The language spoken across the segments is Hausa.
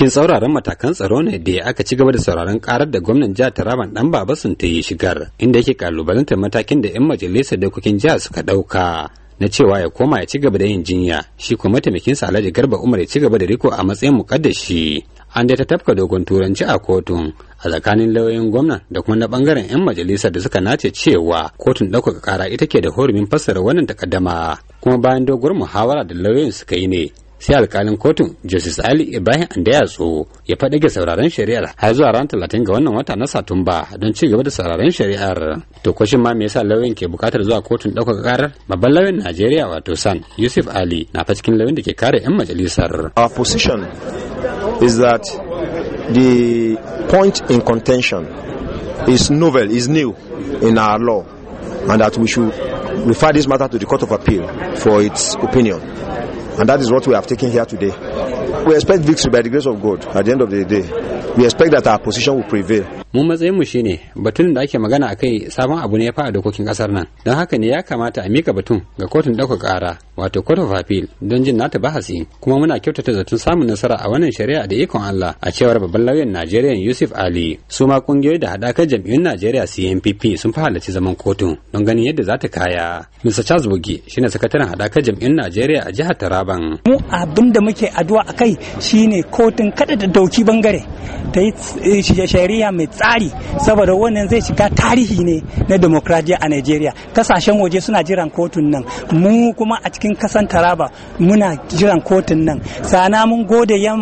cikin tsauraran matakan tsaro ne da aka ci gaba da sauraron karar da gwamnan jihar Taraban dan sun ta yi shigar inda yake kalubalantar matakin da 'yan majalisar dokokin jihar suka dauka na cewa ya koma ya ci gaba da yin jinya shi kuma mataimakin sa Alhaji Garba Umar ya ci gaba da riko a matsayin mukaddashi an da ta tafka dogon turanci a kotun a tsakanin lauyoyin gwamnan da kuma na bangaren 'yan majalisar da suka nace cewa kotun ɗaukaka kara ita ke da horumin fassara wannan takaddama kuma bayan doguwar muhawara da lauyoyin suka yi ne sai alkalin kotun justice ali ibrahim andaya tsoho ya faɗi ga sauraron shari'ar har zuwa ran talatin ga wannan wata na satumba don ci gaba da sauraron shari'ar to kwashin ma me yasa lauyan ke buƙatar zuwa kotun ɗaukar ƙarar babban lauyan najeriya wato san yusuf ali na fa cikin da ke kare 'yan majalisar our position is that the point in contention is novel is new in our law and that we should refer this matter to the court of appeal for its opinion And that is what we have taken here today. We expect victory by the grace of God at the end of the day. We expect that our position will prevail. mu matsayin mu shine batun da ake magana a kai sabon abu ne ya fara dokokin kasar nan don haka ne ya kamata a mika batun ga kotun ɗaukar kara wato court of appeal don jin nata bahasi kuma muna kyautata zaton samun nasara a wannan shari'a da ikon Allah a cewar babban lauyan Najeriya Yusuf Ali su ma kungiyoyi da hadakar jam'iyyun Najeriya CNPP sun fi halarci zaman kotun don ganin yadda za ta kaya Mr Charles Bugi shine sakataren hadakar jam'iyyun Najeriya a jihar Taraban mu abinda muke addu'a akai shine kotun kada da dauki bangare ta yi eh, shari'a mai tsari saboda wannan zai shiga tarihi ne na demokradiyya a Najeriya kasashen waje suna jiran kotun nan mu kuma a cikin kasan Taraba muna jiran kotun nan sana mun gode yan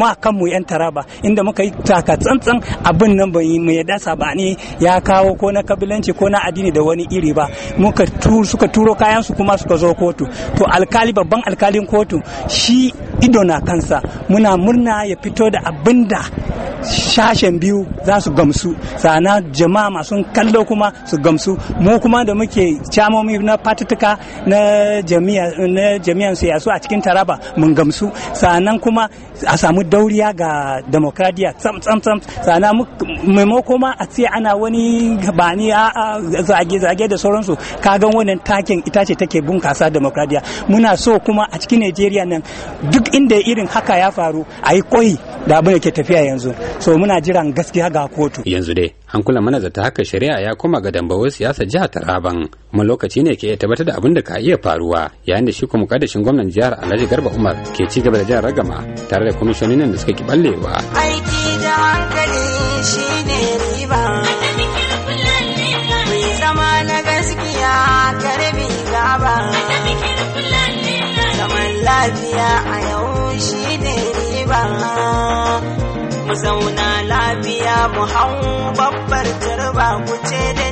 ma kanmu yan Taraba inda muka yi taka tsantsan abin nan mu mai dasa ba ne ya kawo ko na kabilanci ko na addini da wani iri ba muka suka turo kayan su kuma suka zo kotu to alkali babban alkalin kotu shi ido na kansa muna murna ya fito da abinda. sashen biyu za su gamsu sana jama'a masu kallo kuma su gamsu mu kuma da muke camomi na fatutuka na jami'an siyasu a cikin taraba mun gamsu sannan kuma a samu dauriya ga demokradiya tsam tsam tsam sana maimako ma a ce ana wani bani a zage zage da sauransu kagan wannan takin ita ce take bunkasa demokradiya muna so kuma a cikin nigeria nan duk inda irin haka ya faru a yi koyi da abin da ke tafiya yanzu so muna jiran gaskiya ga kotu yanzu dai hankulan zata haka shari'a ya koma ga dambawar siyasa jihar taraban kuma lokaci ne ke tabbatar da abin da ka iya faruwa yayin da shi kuma kadashin gwamnan jihar alhaji garba umar ke ci gaba da jan ragama tare da kwamishoninan da suka ki ballewa aiki da hankali shine riba zama na gaskiya karbi gaba zaman lafiya a yau zauna lafiya mu hau babbar turba ku ce da